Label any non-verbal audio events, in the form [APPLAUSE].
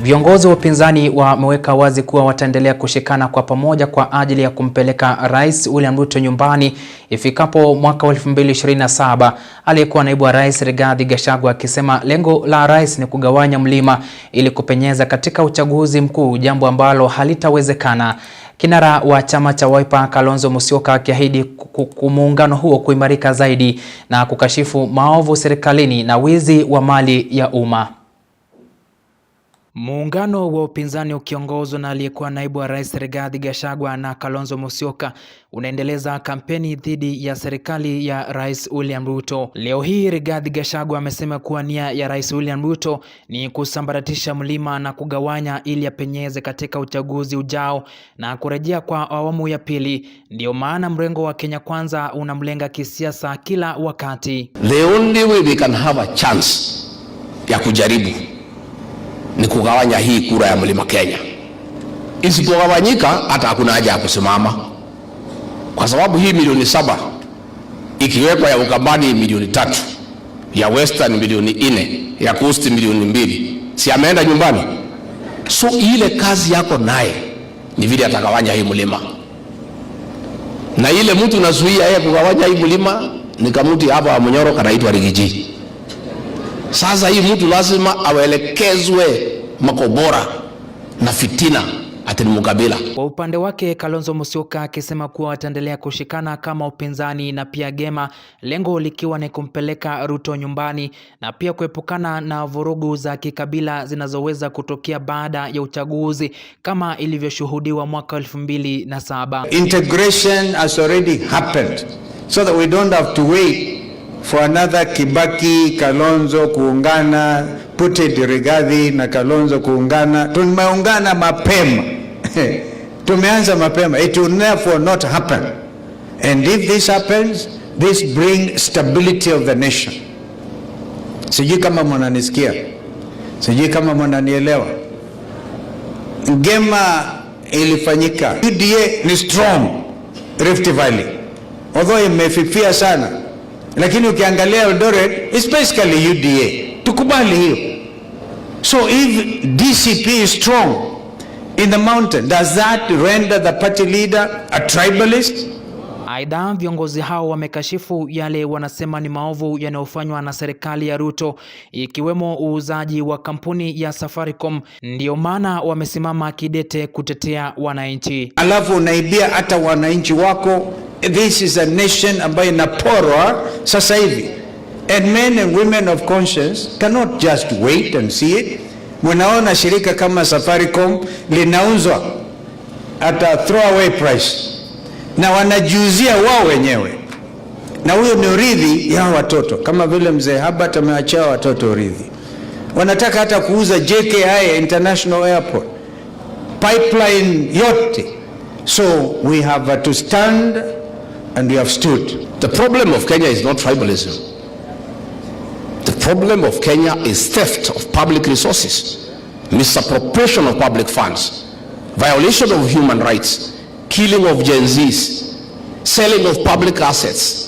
Viongozi wa upinzani wameweka wazi kuwa wataendelea kushikana kwa pamoja kwa ajili ya kumpeleka Rais William Ruto nyumbani ifikapo mwaka 2027, aliyekuwa naibu wa Rais Rigathi Gachagua akisema lengo la rais ni kugawanya mlima ili kupenyeza katika uchaguzi mkuu, jambo ambalo halitawezekana. Kinara wa chama cha Wiper Kalonzo Musyoka akiahidi muungano huo kuimarika zaidi na kukashifu maovu serikalini na wizi wa mali ya umma. Muungano wa upinzani ukiongozwa na aliyekuwa naibu wa rais Rigathi Gachagua na Kalonzo Musyoka unaendeleza kampeni dhidi ya serikali ya Rais William Ruto. Leo hii Rigathi Gachagua amesema kuwa nia ya Rais William Ruto ni kusambaratisha mlima na kugawanya ili apenyeze katika uchaguzi ujao na kurejea kwa awamu ya pili. Ndiyo maana mrengo wa Kenya Kwanza unamlenga kisiasa kila wakati. The only way we can have a chance ya kujaribu ni kugawanya hii kura ya mlima Kenya. Isipogawanyika hata hakuna haja ya kusimama, kwa sababu hii milioni saba ikiwekwa ya Ukambani milioni tatu ya Western milioni nne ya Coast milioni mbili si ameenda nyumbani? So ile kazi yako naye ni vile atagawanya hii mlima, na ile mtu unazuia yeye kugawanya hii mlima ni kamuti hapa wa Munyoro kanaitwa Rigiji. Sasa hii mtu lazima awelekezwe makobora na fitina Atin Mugabila. Kwa upande wake Kalonzo Musyoka akisema kuwa wataendelea kushikana kama upinzani na pia Gema, lengo likiwa ni kumpeleka Ruto nyumbani na pia kuepukana na vurugu za kikabila zinazoweza kutokea baada ya uchaguzi kama ilivyoshuhudiwa mwaka 2007. Integration has already happened so that we don't have to wait for another Kibaki Kalonzo kuungana, Putted Rigathi na Kalonzo kuungana. Tumeungana mapema [LAUGHS] tumeanza mapema. It will therefore not happen and if this happens this bring stability of the nation. Sijui kama mwananisikia, sijui kama mwananielewa. Ngema ilifanyika, UDA ni strong Rift Valley, although imefifia sana lakini ukiangalia Eldoret especially UDA, tukubali hiyo. So if DCP is strong in the mountain, does that render the party leader a tribalist? Aidha, viongozi hao wamekashifu yale wanasema ni maovu yanayofanywa na serikali ya Ruto ikiwemo uuzaji wa kampuni ya Safaricom. ndio maana wamesimama kidete kutetea wananchi. Alafu unaibia hata wananchi wako This is a nation ambayo inaporwa sasa hivi, and men and women of conscience cannot just wait and see it. Munaona shirika kama Safaricom linauzwa at a throwaway price na wanajiuzia wao wenyewe, na huyo ni urithi ya watoto, kama vile mzee Habat amewachia watoto urithi. Wanataka hata kuuza JKI International Airport, pipeline yote. So we have to stand and we have stood. The problem of Kenya is not tribalism. The problem of Kenya is theft of public resources, misappropriation of public funds, violation of human rights, killing of Gen Zs, selling of public assets,